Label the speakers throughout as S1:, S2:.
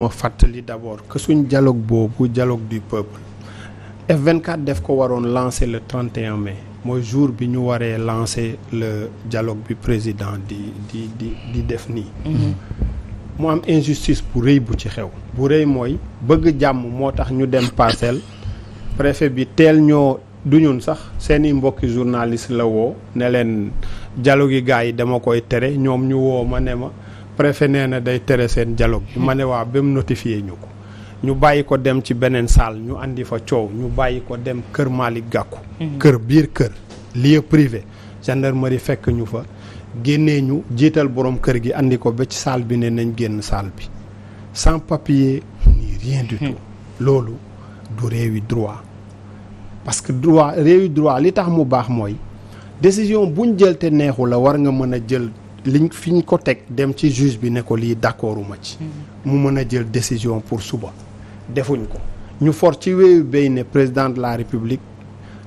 S1: moo fàttali d'abord que suñ dialogue boobu dialogue du peuple F24 def ko waroon lancer le 31 mai mooy jour bi ñu waree lancer le dialogue bi président di di di di def nii mhm. mu am injustice bu rëy bu ci xew bu rëy mooy bëgg jàmm moo tax ñu dem parcelle préfet bi teel ñoo du ñun sax seeni mbokki journaliste la woo ne leen dialogue yi gars yi dama koy tere ñoom ñu woo ma ne ma préfet nee na day tere seen jaloo bi ma ne waa ba mu notifié ñu ko ñu bàyyi ko dem ci beneen salle ñu indi fa coow ñu bàyyi ko dem kër Malick Gakou mhm. kër biir kër lieu privé gendarmerie fekk ñu fa génnee ñu jiital borom kër gi andi ko ba ci salle bi ne nañ génn salle bi sans papier ni rien du mhm. tout loolu du réewi droit parce que droit réewi droit li tax mu baax mooy décision buñ jël te neexu la war nga mën a jël liñ fi ñu ko teg dem ci juge bi ne ko lii d'accordu ma ci. Mm-hmm. mu mën a jël décision pour suba. defuñ ko ñu for ci wéyu béy ne président de la république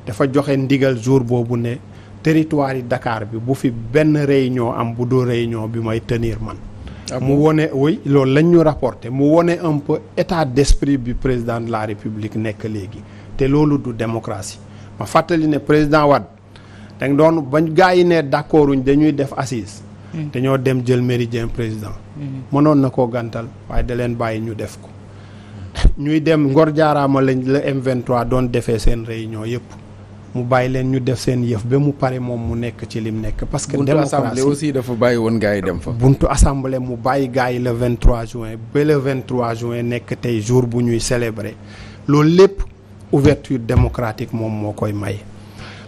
S1: dafa joxe ndigal jour boobu ne territoire yi Dakar bi bu fi benn réunion am bu doo réunion bi may tenir man. Ah mu wone oui loolu lañ ñu rapporté mu wone un peu état d'esprit bi président de la république nekk léegi te loolu du démocratie ma fàttali ne président Wade da doon bañ gaa yi ne d'accorduñ dañuy def assise Mm. dañoo dem jël méridien président mm. mënoon na koo gantal waaye da leen bàyyi ñu def ko ñuy dem ngor jaaraama lañ la M23 doon defee seen réunion yëpp mu bàyyi leen ñu def seen yëf ba mu pare moom mu nekk ci lim nekk parce que buntu assemblée aussi dafa bàyyi woon gaay dem fa buntu assemblée mu bàyyi gars yi le 23 juin ba le 23 juin nekk tey jour bu ñuy célébrer loolu lépp ouverture démocratique moom moo koy may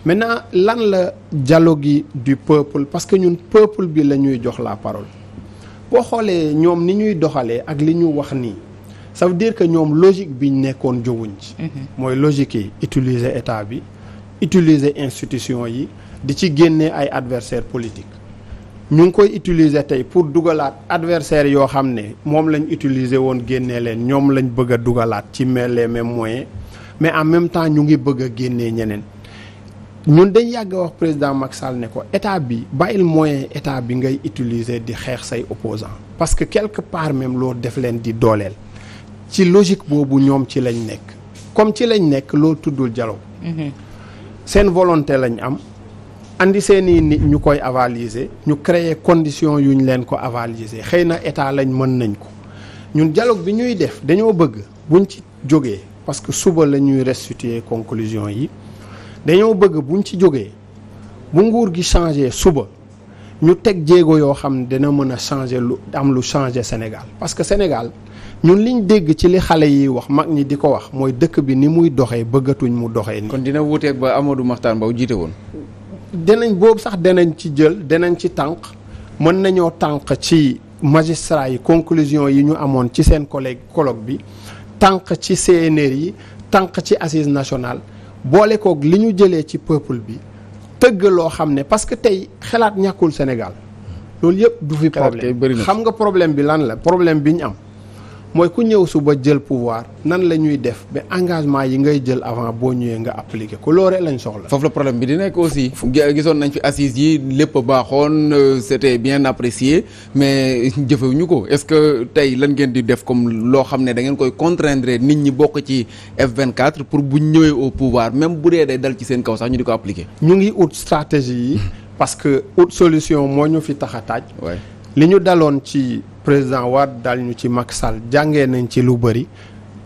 S1: maintenant lan la dialogue gi du peuple parce que ñun peuple bi la ñuy jox la parole boo xoolee ñoom ni ñuy doxalee ak li ñu wax nii ça veut dire que ñoom logique bi ñu nekkoon jóguñ ci. Mhm. mooy logique yi utiliser état bi utiliser institution yi di ci génnee ay adversaires politique ñu ngi koy utiliser tey pour dugalaat adversaires yoo xam ne moom lañ utiliser woon génnee leen ñoom lañ bëgg a dugalaat ci les mêmes moyens mais en même temps ñu ngi bëgg a génnee ñeneen. ñun dañ yàgg wax président Macky Sall ne ko état bi bàyyil moyen état bi ngay utiliser di xeex say opposants parce que quelque part même loolu def leen di dooleel ci logique boobu ñoom ci lañ nekk comme ci lañ nekk loo tuddul dialogue mhm. seen volonté lañ am indi seen i nit ñu koy avaliser ñu créer condition yu ñu leen ko avaliser xëy na état lañ mën nañ ko ñun jaloog bi ñuy def dañoo bëgg buñ ci jógee parce que suba la ñuy restituer conclusion yi dañoo bëgg buñ ci jógee bu nguur gi changé suba ñu teg jéego yoo xam ne dina mën a changé lu am lu changé Sénégal parce que Sénégal ñun liñ dégg ci li xale yi wax mag ñi di ko wax mooy dëkk bi ni muy doxee bëggatuñ mu doxe nii. kon dina
S2: wuuteeg ba Amadou Mahtar Mbow jiite woon.
S1: dinañ boobu sax danañ ci jël danañ ci tànk mën nañoo tànk ci magistrat yi conclusion yi ñu amoon ci seen collègue colloque bi tànk ci CNR yi tànk ci assise nationale. boole koog li ñu jëlee ci peuple bi tëgg loo xam ne parce que tey xalaat ñàkkul Sénégal loolu yëpp du fi problème xam nga problème bi lan la problème bi ñu am mooy ku ñëw suba jël pouvoir nan la ñuy def ba engagement yi ngay jël avant boo ñëwee nga appliqué ko loolu lañ soxla.
S2: foofu la problème bi di nekk aussi. gisoon nañ fi assises yi lépp baaxoon euh, c'était bien apprécié mais jëfewuñu ko est-ce que tey lan ngeen di def comme loo xam ne da ngeen koy contraindre nit ñi bokk ci F24 pour bu ñëwee au pouvoir même bu dee day dal ci seen kaw sax ñu di ko appliqué.
S1: ñu ngi ut stratégie yi. parce que ut solution moo ñu fi tax a taaj. li ñu daloon ci président Wade dal ñu ci Macky Sall jàngee nañ ci lu bëri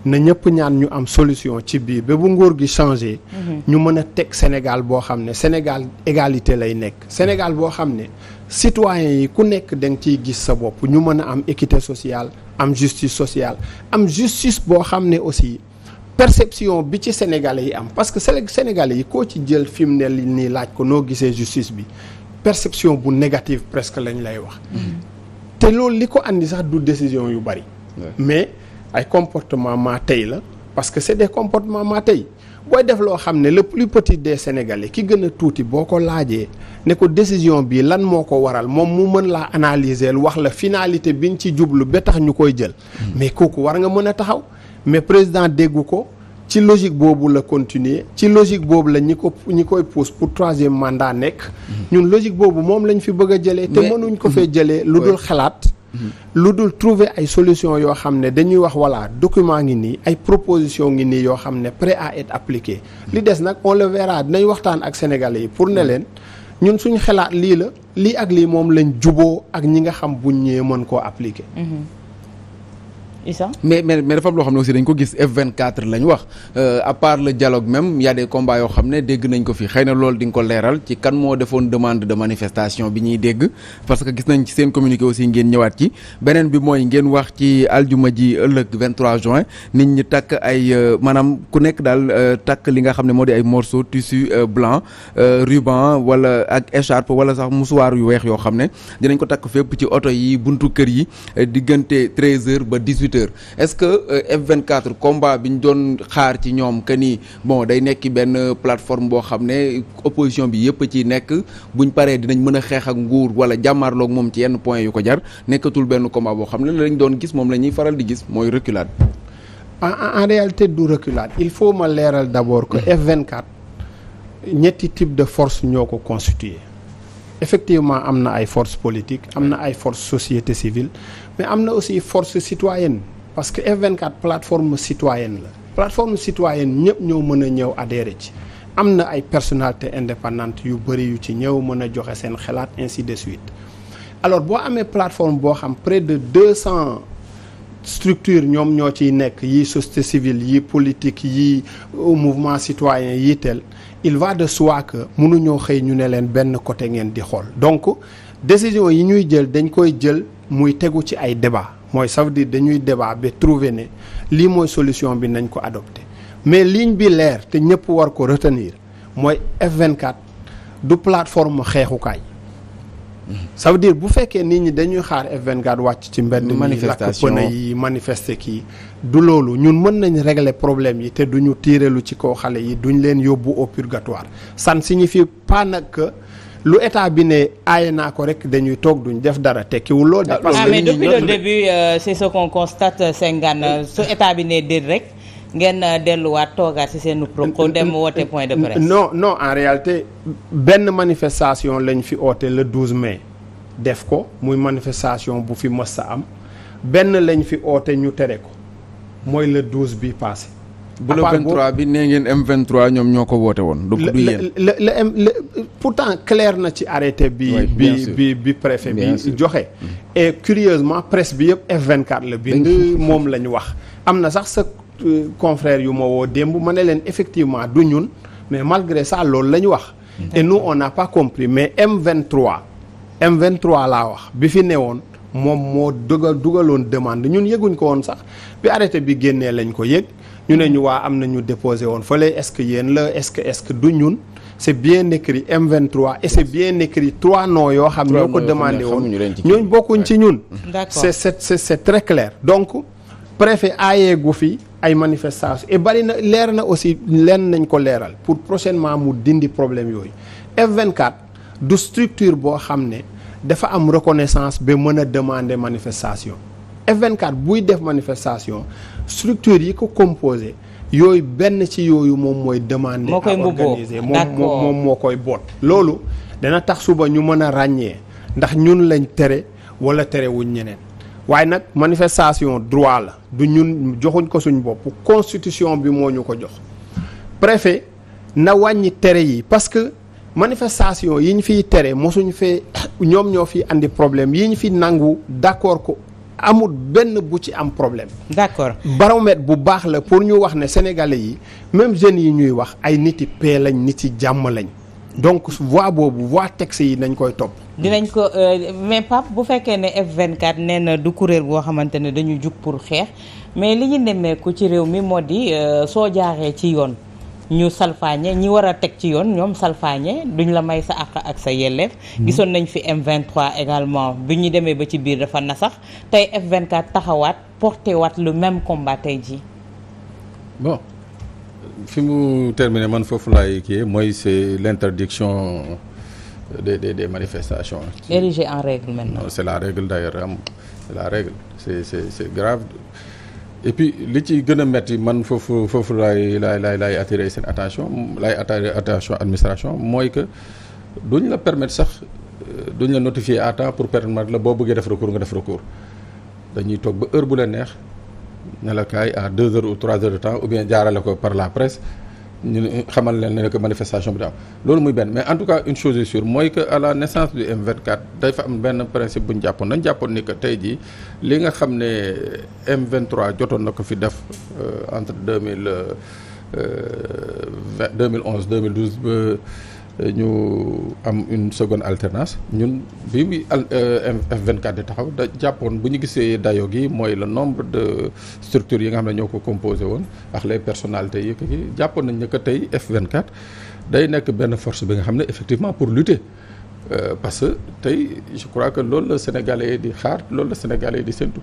S1: na ñëpp ñaan ñu am solution ci biir ba bu nguur gi changé. Mhm. ñu mën a teg Sénégal boo xam ne Sénégal égalité lay nekk. Sénégal boo xam ne citoyens yi ku nekk da nga ciy gis sa bopp ñu mën a am équité sociale am justice sociale am justice boo xam ne aussi. perception bi ci sénégalais yi am parce que sénégalais yi koo ci jël fi mu ne nii laaj ko noo gisee justice bi perception bu négative presque lañ lay wax. te loolu li ko indi sax du décision yu bari. mais ay comportement maa tey la parce que c'est des comportements maa tey booy def loo xam ne le plus petit des sénégalais ki gën a tuuti boo ko laajee ne ko décision bi lan moo ko waral moom mu mën laa analyser wax la finalité biñ ci jublu ba tax ñu koy jël. Mm. mais kooku war nga mën a taxaw mais président déggu ko. ci logique boobu la continuer ci logique boobu la ñi ko ñi koy pousse pour troisième mandat nekk ñun logique boobu moom lañ fi bëgg a jëlee te mënuñ ko fee jëlee lu dul xalaat mm-hmm. lu dul trouver ay solution yoo xam ne dañuy wax voilà document ngi nii ay proposition ngi nii yoo xam ne prêt à être appliqué mm-hmm. li des nag on le verra waxtaan ak sénégalais yi pour ne leen ñun suñ xalaat lii la lii ak lii moom lañ juboo ak ñi nga xam buñ ñëwee mën koo appliqué
S3: mm-hmm. Issa
S2: mais mais mais dafa am loo xam ne aussi dañ ko gis F24 wax euh, à part dialogue même y a yoo xam ne dégg nañ ko fi xëy na loolu di nga ko leeral ci kan moo defoon demande de manifestation bi ñuy dégg parce que gis nañ ci seen communiqué aussi ngeen ñëwaat ci beneen bi mooy ngeen wax ci aljuma ji ëllëg juin nit ñi takk ay euh, maanaam ku nekk daal euh, takk li nga xam ne moo di ay morceau tissu blanc ruban wala ak écharpe wala sax musuwaar yu weex yoo xam ne dinañ ko takk fépp ci oto yi buntu kër yi lutteurs est-ce que euh, f quatre combat bi ñu doon xaar ci ñoom que ni bon day nekki benn plateforme boo xam ne opposition bi yëpp ci nekk buñ paree dinañ mën a xeex ak nguur wala jàmmaarloog moom ci yenn point yu ko jar nekkatul benn combat boo xam ne lañ doon gis moom la ñuy faral di gis mooy reculade.
S1: en en réalité du reculade il faut ma leeral d'abord que mm. F24 ñetti type de force ñoo ko constitué. effectivement am na ay forces politiques am na ay forces société civile mais am na aussi force citoyenne parce que F24 plateforme citoyenne la plateforme citoyenne ñëpp ñoo mën a ñëw adhéré ci am na ay personnalité indépendante yu bëri yu ci ñëw mën a joxe seen xalaat ainsi de suite alors boo amee plateforme boo xam près de deux cent structure ñoom ñoo ciy nekk yi société civile yi politique yi mouvement citoyen yi tel il va de soi que mënuñoo xëy ñu ne leen benn côté ngeen di xool donc décision yi ñuy jël dañ koy jël muy tegu ci ay débat mooy ça dañuy débat be trouver ne lii mooy solution bi nañ ko adopté mais ligne bi leer te ñëpp war ko retenir mooy F24 du plateforme xeexukaay ça veut bu fekkee nit ñi dañuy xaar F24 wàcc ci mbedd mi lakk pëne yi manifester kii du loolu ñun mën nañ régler problème yi te duñu tiirelu ci kaw xale yi duñ leen yóbbu au purgatoire ça ne signifie pas nag lu état bi ne aaye naa ko rek dañuy toog duñu def dara tekkiwul loolu de ah, parce que mais depuis le
S3: début euh, constate Senghane su état bi ne déet rek ngeen euh, delluwaat toogaat ci seen pro dem woote point de presse.
S1: non no en réalité benn manifestation lañ fi oote le douze mais def ko muy manifestation bu fi mës a am benn lañ fi oote ñu tere ko mooy le 12 bi passé. bu le 23
S2: bi nee ngeen M23 ñoom ñoo ko woote woon. donc du
S1: le le pourtant clair na ci arrêté. bi bi bi bi préfet bi joxe. Mm. et curieusement presse bi yëpp vingt 24 la bi moom la ñu wax am na sax sa. Euh, confrères yu ma woo démb ma ne leen effectivement du ñun mais malgré ça loolu la ñu wax et nous on n'a pas compris mais M23 M23 laa wax bi fi woon moom moo dugal dugaloon demande ñun yëguñ ko woon sax bi arrêté bi génnee lañ ko yëg ñu ne ñu waa am na ñu déposé woon fële est-ce que yéen la est-ce que est-ce que du ñun c'est bien écrit M23 et c'est bien écrit trois noms yoo xam ñoo ko demandé woon ñooñ bokkuñ ci ñun c'est c'est c'est très clair donc fi ay manifestations et bari na leer na aussi leen nañ ko leeral pour prochainement mu dindi problème yooyu F24 du structure boo xam ne dafa am reconnaissance bi mën a demander manifestation F24 buy def manifestation structure yi ko composé yooyu benn ci yooyu moom mooy demander à organiser moom moom moo koy boot loolu dana tax suba ñu mën a ràññee ndax ñun lañ tere wala terewuñ ñeneen waaye nag manifestation droit la du ñun joxuñ ko suñ bopp constitution bi moo ñu ko jox préfet na wàññi tere yi parce que manifestation yi ñu fiy tere mosuñ fee ñoom ñoo fi andi problème yi ñu fi nangu d'accord ko amul benn bu ci am problème. d'accord baromètre bu baax la pour ñu wax ne sénégalais yi même jeunes yi ñuy wax ay niti yi lañ nit yi jàmm lañ. donc voie boobu voie texte yi nañ koy topp.
S3: dinañ ko euh, mais Pape bu fekkee ne F24 nee na du kuréel goo xamante ne dañu jug pour xeex mais li ñu demee ko ci réew mi moo di euh, soo jaaree ci yoon ñu salfaañe ñi war a teg ci yoon ñoom salfaañe duñ la may sa àq ak sa yelleef. Mm-hmm. gisoon nañ fi M23 également bi ñu demee ba ci biir dafa nasax tey F24 taxawaat porté waat le même combat ji
S4: fi mu terminer man foofu lay kii mooy c'est l'interdiction des de des manifestations. érigée en règle maintenant. non c'est la règle d'ailleurs am c'est la règle c'est c'est grave. et puis li ci gën a metti man foofu foofu laay laay laay laay attirer seen attention laay attirer attention administration mooy que duñ la permettre sax euh, duñ la notifier à temps pour permettre la boo bëggee def recours nga def recours dañuy toog ba heure bu la neex. ne la kaay à deux heures ou trois heures de temps ou bien jaarale ko par la presse ñu xamal leen ne que manifestation bi da am loolu muy benn mais en tout cas une chose est sûre mooy que à la naissance du M24 dafa am benn principe bu ñu jàppoon dañ jàppoon ni tey jii li nga xam ne M23 jotoon na ko fi def euh, entre deux mille euh, euh, vingt deux mille onze deux mille douze ba ñu am une seconde alternance ñun bi bi euh, F24 di taxaw da jàppoon bu ñu gisee dayo gi mooy le nombre de structures yi nga xam ne ñoo ko composé woon ak les personnalités yi ki jàppoon nañ ne que tey F24 day nekk benn force bi nga xam ne effectivement pour lutter euh, parce que tey je crois que loolu la Sénégalais di xaar loolu la Sénégalais di séntu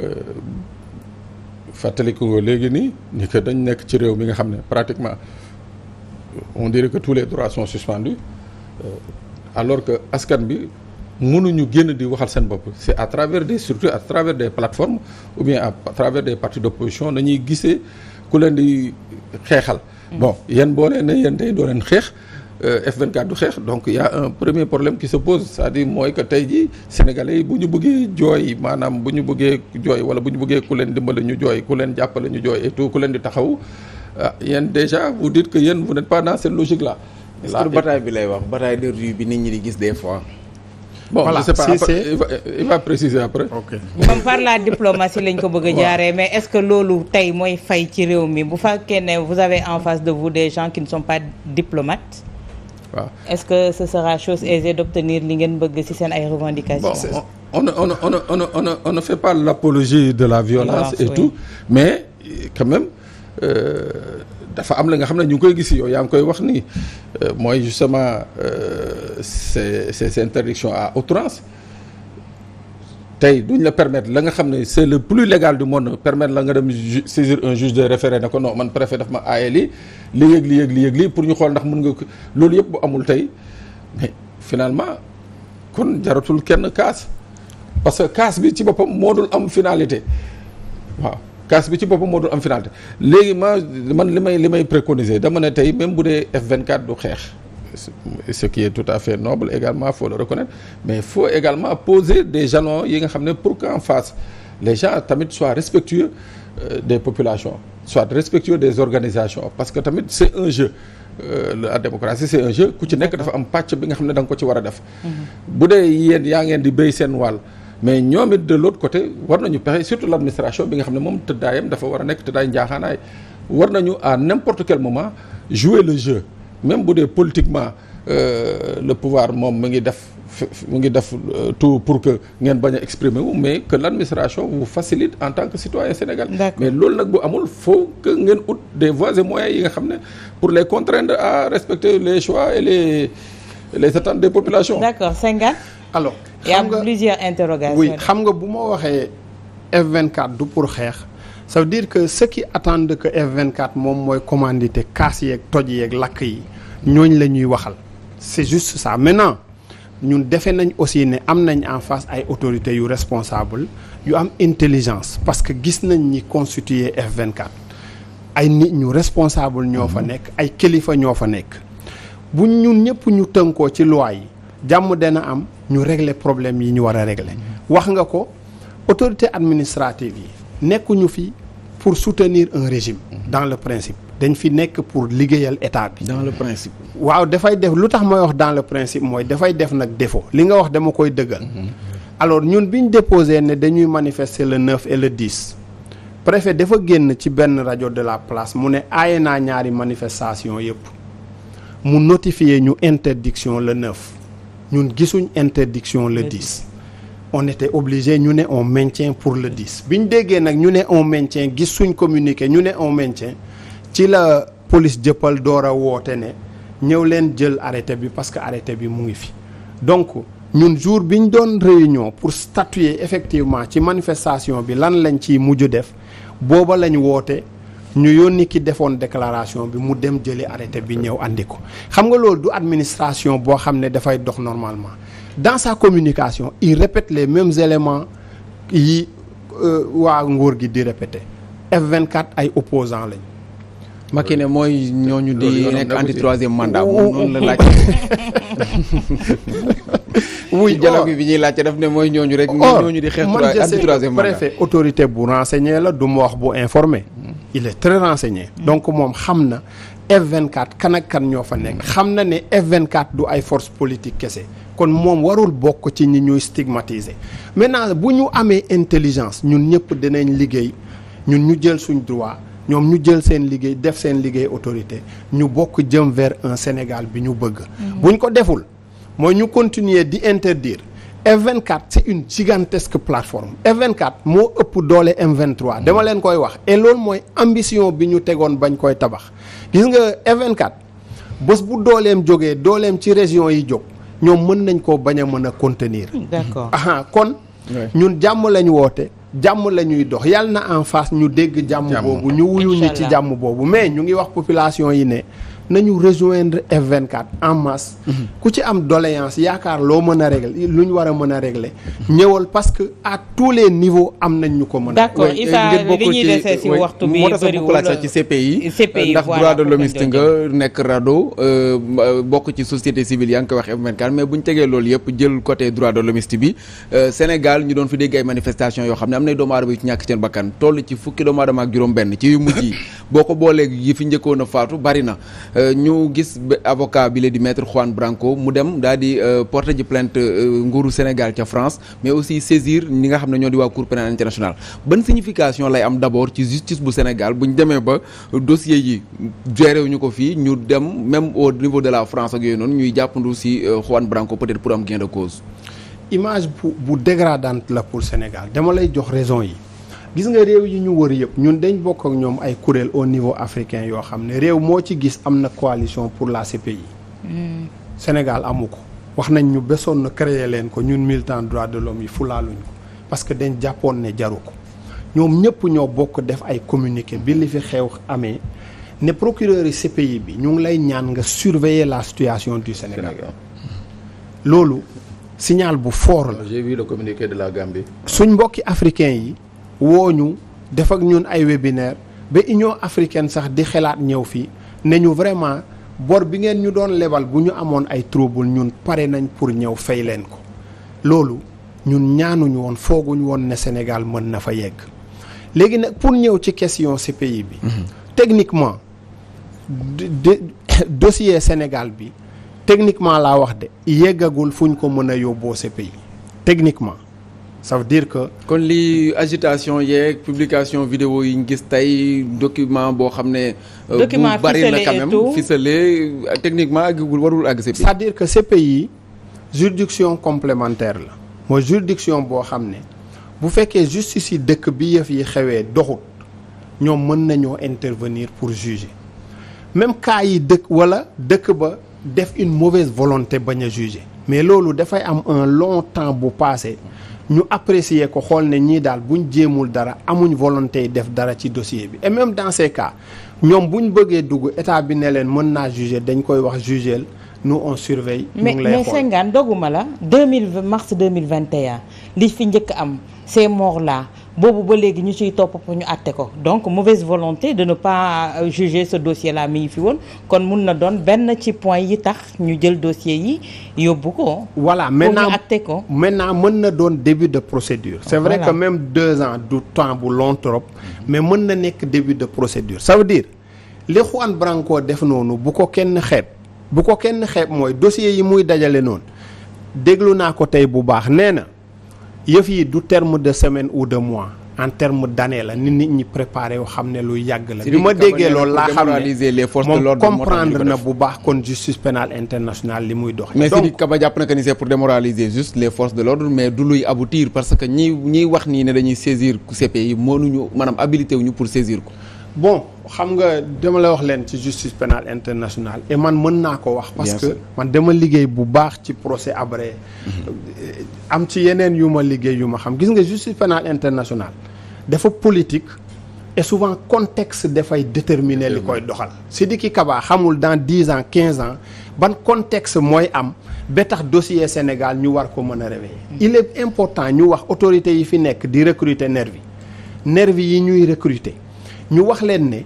S4: euh, fàttaliku nga léegi nii ni que dañ nekk ci réew mi nga xam ne pratiquement on dirait que tous les droits sont suspendus euh, alors que askan bi mënuñu génn di waxal seen bopp c'est à travers de surtout à travers des plateformes ou bien à travers des partis d'opposition nañuy gisee ku leen di xeexal mm. bon yéen boo leen ne yéen tey doo leen xeex euh, F24 du xeex donc il y a un premier problème qui sa pose c'est-à-dire mooy que tey jii sénégalais yi bu ñu bëggee jooy maanaam bu ñu bëggee jooy wala bu ñu bëggee ku leen dimbale ñu jooy ku leen jàppale ñu jooy et ku leen di taxaw ah yéen déjà vous dites que yéen vous n'êtes pas dans cette logique là. est-ce bi lay wax bataille de rue bi nit ñi li gis des fois. bon voilà, je sais pas
S2: si
S3: après,
S4: il, va, préciser après. ok comme
S3: par la diplomatie lañ ko bëgg a mais est-ce que loolu tey mooy fay ci réew mi bu fekkee ne vous avez en face de vous des gens qui ne sont pas diplomates. waaw est-ce que ce sera chose aisée d'obtenir li ngeen bëgg ci seen ay revendications. Bon,
S4: on on on on on ne fait pas l'apologie de la violence. et tout mais quand même. Euh, dafa am la nga xam ne ñu ngi koy gis yow yaa ngi koy wax nii euh, mooy justement euh, ces ces interdictions à outrance tey duñ la permettre la nga xam ne c'est le plus légal du monde permettre la nga dem saisir un juge de référé ne ko non man préfet daf ma aaye lii li yëg li yëg li pour ñu xool ndax mun nga loolu yëpp amul tey mais finalement kon jaratul kenn kaas parce que kaas bi ci boppam moo dul am finalité waaw kaas bi ci boppam moo doon am finalité léegi ma man li may li may préconiser dama ne tey même bu dee f du xeex ce qui est tout à fait noble également faut le reconnaître mais faut également poser des jalons yi nga xam ne pour en face les gens tamit soient respectueux euh, des populations soit respectueux des organisations parce que tamit c'est un jeu euh, la démocratie c'est un jeu ku ci nekk dafa am pàcc bi nga xam ne da nga ko ci war a def mm-hmm. bu dee yéen mais ñoom it de l'autre côté war nañu pexe surtout l'administration bi nga xam ne moom tëddaayam dafa war a nekk tëddaay njaaxaanaay war nañu en n'importe quel moment jouer le jeu même bu dee politiquement euh, le pouvoir moom mu ngi def mu ngi def euh, tout pour que ngeen bañ exprimer wu mais que l'administration vous facilite en tant que citoyen sénégalais. mais loolu nag bu amul faut que ngeen ut des voies et moyens yi nga xam ne pour les contraindre à respecter les choix les les attentes des populations.
S1: d'accord Senghane. alors xam nga plusieurs interrogations xam nga bu ma waxee F24 du pour xeex ça dire que ceux qui attendent que F24 moom mooy commandité kaas yeeg toj yeeg lakk yi ñooñ la ñuy waxal c'est juste ça maintenant ñun defe nañ aussi ne am nañ en face ay autorités yu responsable yu am intelligence parce que gis nañ ñi constituer F24 ay nit ñu responsable ñoo fa mhm. nekk ay kilifa ñoo fa nekk bu ñun ñëpp ñu tënkoo ci loi yi jàmm dana am ñu régler problème yi ñu war a régler wax nga ko autorité administrative yi nekkuñu fi pour soutenir un régime dans le principe dañ fi nekk pour liggéeyal état bi dans le principe waaw dafay def lu tax mooy wax dans le principe mooy dafay def nag défaut li nga wax dama koy dëggal mhm. alors ñun bi ñu déposé ne dañuy manifester le 9 et le 10 préfet dafa génn ci benn rajo de la place mu ne aaye naa ñaari manifestation yëpp mu notifier ñu interdiction le 9 ñun gisuñ interdiction le 10 on était obligé ñu ne on maintient pour le 10 bi ñu déggee nag ñu ne on maintient gisuñ communiqué ñu ne on maintient ci la police jëppal door a woote ne ñëw leen jël arrêté bi parce que arrêté bi mu ngi fi donc ñun jour bi ñu doon réunion pour statuer effectivement ci manifestation bi lan lañ ciy mujj def booba lañ woote ñu ni ki defoon déclaration bi mu dem jëli arrêté bi ñëw andi ko xam nga loolu du administration boo xam ne dafay dox normalement dans sa communication il répète les mêmes éléments yi euh, waa nguur gi di répété F24 ay opposants lañ Macky ne mooy ñooñu di nekk anti troisième mandat moom noonu la wuy dialogue bi bi
S2: ñuy laajte daf ne mooy ñooñu rek ñooñu di xeex anti troisième mandat préfet
S1: autorité bu renseigné la du ma wax bu informé il est très renseigné mm. donc moom xam na F24 kan ak kan ñoo fa nekk mm. xam na ne F24 du ay force politique kese kon moom warul bokk ci ñi ñuy stigmatiser maintenant bu ñu amee intelligence ñun ñëpp dinañ liggéey ñun ñu jël suñ droit ñoom ñu jël seen liggéey def seen liggéey autorité ñu bokk jëm vers un Sénégal bi ñu bëgg mm. buñ ko deful mooy ñu continuer di interdire F24 c'est une gigantesque plateforme F24 moo ëpp doole M23 mm. dama leen koy wax et mooy ambition bi ñu tegoon bañ koy tabax gis nga f bés bu dooleem jógee dooleem ci région yi jóg ñoom mën nañ ko bañ a mën a contenir mm, d'accord aha ah, kon ñun jàmm lañ woote jàmm la ñuy dox yal na en face ñu dégg jàmm boobu ñu wuyu ñi ci jàmm boobu mais ñu ngi wax population yi ne nañu rejoindre F24 en masse. ku ci am doléance yaakaar loo mën a régler lu ñu war a mën a regle ñëwal parce que à tous les niveaux am nañ ñu ko mën a. d'accord Issa li ñuy ci waxtu bi euh, ndax droit de l'hommiste nga
S2: nekk rado euh, bokk ci société civile yaa ngi koy wax F24 mais bu ñu tegee loolu yëpp jël côté droit de l'hommiste bi euh, Sénégal ñu doon fi dégg ay manifestations yoo xam ne am nay doom aadama yu ci ñàkk seen bakkan toll ci fukki doomu aadama ak juróom-benn ci yu mujj yi ko boolee yi fi njëkkoon a faatu na Euh, ñu gis avocat bi la di maître Juan Branco mu dem daal di euh, porter ji plainte euh, nguuru Sénégal ca France mais aussi saisir ñi nga xam ne ñoo di waa Cour pénale internationale ban signification lay am d'abord ci justice bu Sénégal bu ñu demee ba dossier yi géré wuñu ko fii ñu dem même au niveau de la France ak yooyu noonu ñuy jàppandu si Juan Branco peut-être pour am gain cause
S1: image bu bu dégradante la pour Sénégal dama lay jox raison yi gis nga réew yi ñu wër yëpp ñun dañ bokk ak ñoom ay kuréel au niveau africain yoo xam ne réew moo ci gis am na coalition pour la CPI. Hmm. Sénégal amu ko wax nañ ñu besoon na créer leen ko ñun mille militant droit de l'homme yi fulaaluñ ko parce que dañ jàppoon ne jaru ko ñoom ñëpp ñoo bokk def ay communiqué bi li fi xew amee ne procureur yi CPI bi ñu ngi lay ñaan nga surveiller la situation du Sénégal loolu signal bu fort la. j'ai
S4: vu le de la Gambie.
S1: suñ mbokki africain yi. wooñu def ak ñun ay webinaire ba Union africaine sax di xelaat ñëw fii ne ñu vraiment bor bi ngeen ñu doon lebal bu ñu amoon ay trouble ñun pare nañ pour ñëw fay leen ko loolu ñun ñaanuñu woon fooguñu woon ne Sénégal mën na fa yegg léegi nag pour ñëw ci question CPI bi mhm. techniquement dossier Sénégal bi techniquement laa wax de yeggagul fu ñu ko mën a yóbboo CPI techniquement ça veut dire que.
S2: kon lii agitation yeeg publication vidéo yi ñu gis tey document boo xam ne. Euh, document bu bari la quand même ficelé techniquement
S1: warul àgg CPI. c'est-à-dire que CPI juridiction complémentaire la. mooy juridiction boo xam ne bu fekkee justice yi dëkk bi yëf yi xewee doxut ñoom mën nañoo intervenir pour juger même cas yi dëkk walla dëkk ba def une mauvaise volonté bañ a juger. mais loolu dafay am un long temps bu passé. ñu apprécier ko xool ne ñii daal buñ jéemul dara amuñ volonté def dara ci dossier bi et même dans ces cas ñoom buñ bëggee dugg état bi ne leen mën naa juger dañ koy wax jugeel nu on surveille. mais mais Senghane
S3: doguma la deux 2020 vingt 2021 li fi njëkk am ces morts là boobu ba léegi ñu ciy topp pour ñu àtte ko donc mauvaise volonté de ne pas euh, juger ce dossier là mi ngi fi woon kon mun na doon benn ci point yi tax ñu jël dossier yi yóbbu ko.
S1: voilà maintenant pour ñu ko. maintenant mën na doon début de procédure. c'est vrai que même deux ans du temps bu long trop. mais mën na nekk début de procédure. ça veut dire li Juan Branco def noonu bu ko kenn xeeb. bu ko kenn xeeb mooy dossier yi muy dajale noonu déglu naa ko tey bu baax nee na. yëf yi du terme de semaine ou de mois en terme d'année la nit ñi préparé yoo xam ne lu yàgg la. bi ma déggee loolu laa xam ne moom comprendre na bu baax kon justice
S2: pénale internationale li muy dox. mais Sidiki Kaba jàpp na que ni c'est pour démoraliser juste les forces de l'ordre mais du luy aboutir parce que ñi ñiy wax nii ne dañuy saisir CPI mënuñu maanaam habilité wuñu pour saisir
S1: ko. bon xam nga dama la wax leen ci justice pénale internationale man mën naa ko wax parce man dama liggéey bu baax ci procès Habré mhm. am ci yeneen yu ma liggéey yu ma xam gis nga justice pénale internationale dafa politique et souvent contexte dafay déterminer li koy doxal Sidiki kabaa xamul dans dix ans quinze ans ban contexte mooy am ba tax dossier Sénégal ñu war ko mën a réveiller mhm. il est important ñu wax autorités yi fi nekk di recruter nervi nervi yi ñuy recruter ñu wax leen ne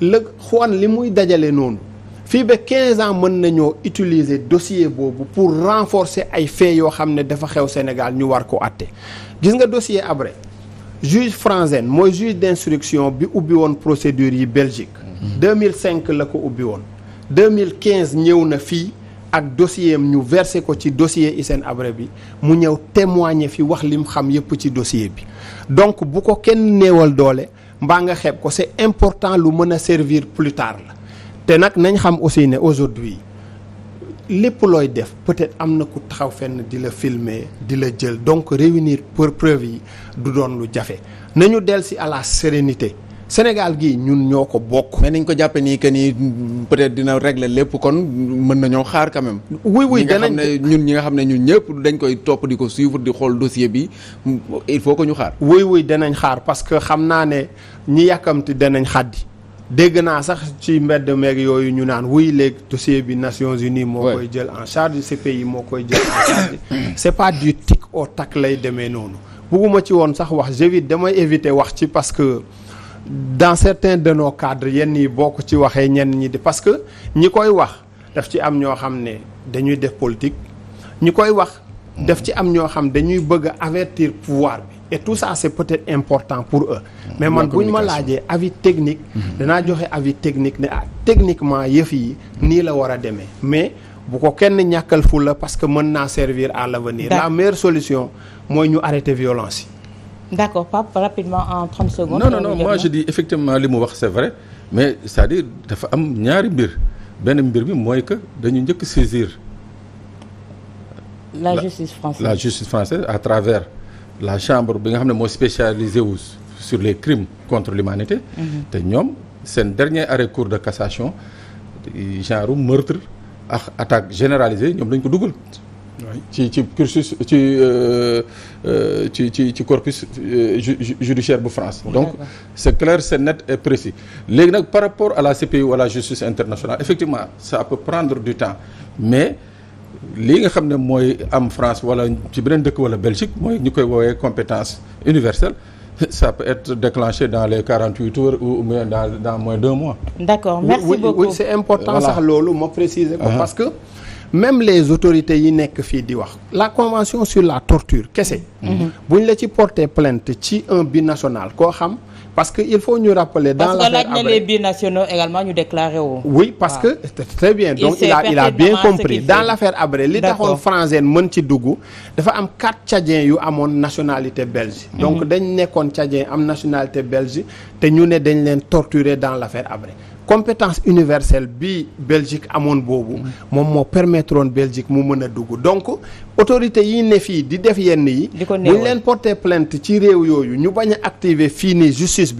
S1: la Juan li muy dajale noonu fii ba 15 ans mën nañoo utiliser dossier boobu pour renforcer ay faits yoo xam ne dafa xew Sénégal ñu war ko àtte gis nga dossier Habré juge Franzen mooy juge d'instruction bi ubbi woon procédure yi Belgique. 2005 mhm. la ko ubbi woon. 2015 ñëw na fii ak dossier ñu versé ko ci dossier Hissène Habré bi mu ñëw témoigner fi wax lim xam yépp ci dossier bi donc bu ko kenn néewal doole. mbaa nga xeeb ko c'est important lu mën a servir plus la te nag nañ xam aussi ne aujourd'hui lépp looy def peut-être am na ku taxaw fenn di la filmer di la jël donc réunir pour preuve yi du doon lu jafe nañu dellu si à la sérénité Sénégal gii ñun ñoo ko bokk. mais nañ ko jàppe nii que ni mm, peut-être dina régler lépp kon mën
S2: nañoo xaar quand même. wuy oui danañ ñun ñi nga xam ne ñun ñëpp dañ koy topp di ko suivre di xool
S1: dossier bi mm, il faut que ñu xaar. oui oui danañ xaar parce que xam naa ne ñi yàkkamti danañ xaddi dégg naa sax ci mbedd meeg yooyu ñu naan wuy léegi dossier bi Nations Unies moo koy jël en charge yi moo koy jël en charge c'est pas du tic au tac lay demee noonu bugguma ci woon sax wax j'évite damay éviter wax ci parce que dans certains de nos cadres yenn yi boo ko ci waxee ñenn ñi di parce que ñi koy wax daf ci am ñoo xam ne dañuy def politique ñi koy wax daf ci am ñoo xam dañuy bëgg a avertir pouvoir bi et tout ça c'est peut-être important pour eux mais man bu ñu ma laajee avis technique mhm. danaa joxe avis technique ne ah techniquement yëf yi nii la war a demee mais bu ko kenn ñàkkal fu la parce que mën naa servir à l'avenir la meilleure solution mooy ñu arrêter violence yi
S3: d'accord Pape rapidement en 30 secondes. non non non moi
S1: je dis effectivement
S4: li mu wax c'est vrai mais c'est-à-dire dafa am ñaari mbir benn mbir bi mooy que dañu njëkk saisir.
S3: la justice française la justice
S4: française à travers la chambre bi nga xam ne moo spécialisé wu sur les crimes contre l'humanité mhm. te ñoom seen dernier arrêt cour de cassation genre meurtre ak attaque généralisée ñoom dañ ko duggal ci ci cursus ci euh, euh, ci ci ci corpus euh, judiciaire bu France donc c'est clair c'est net et précis léegi nag par rapport à la CPI ou à la justice internationale effectivement ça peut prendre du temps mais lii nga xam ne mooy am France wala ci beneen dëkk wala Belgique mooy ñu koy woowee compétence universelle ça peut être déclenché dans les 48 heures
S1: ou bien dans dans moins d'un mois d'accord merci oui, c'est important sax loolu moo préciser ko uh-huh. parce que même les autorités yi nekk fii di wax la convention sur la torture kese mhm. bu ñu la ci porter plainte ci un nationale koo xam parce que il faut ñu rappeler dans la laaj
S3: na également ñu déclaré wu oui parce que
S1: très bien donc il a il a bien compris li taxoon française mën ci dugg dafa am quatre tchadiens yu amoon nationalité belge mhm. donc dañ nekkoon tchadien am nationalité belge te ñu ne dañ leen torturer dans faire Habré compétence universelle bi Belgique amoon boobu mm. moom moo permettroon Belgique mu mën a dugg donc autorité yi ne fii di def yenn yi buñ leen porter plainte ci réew yooyu ñu bañ a activer fii nii justice bi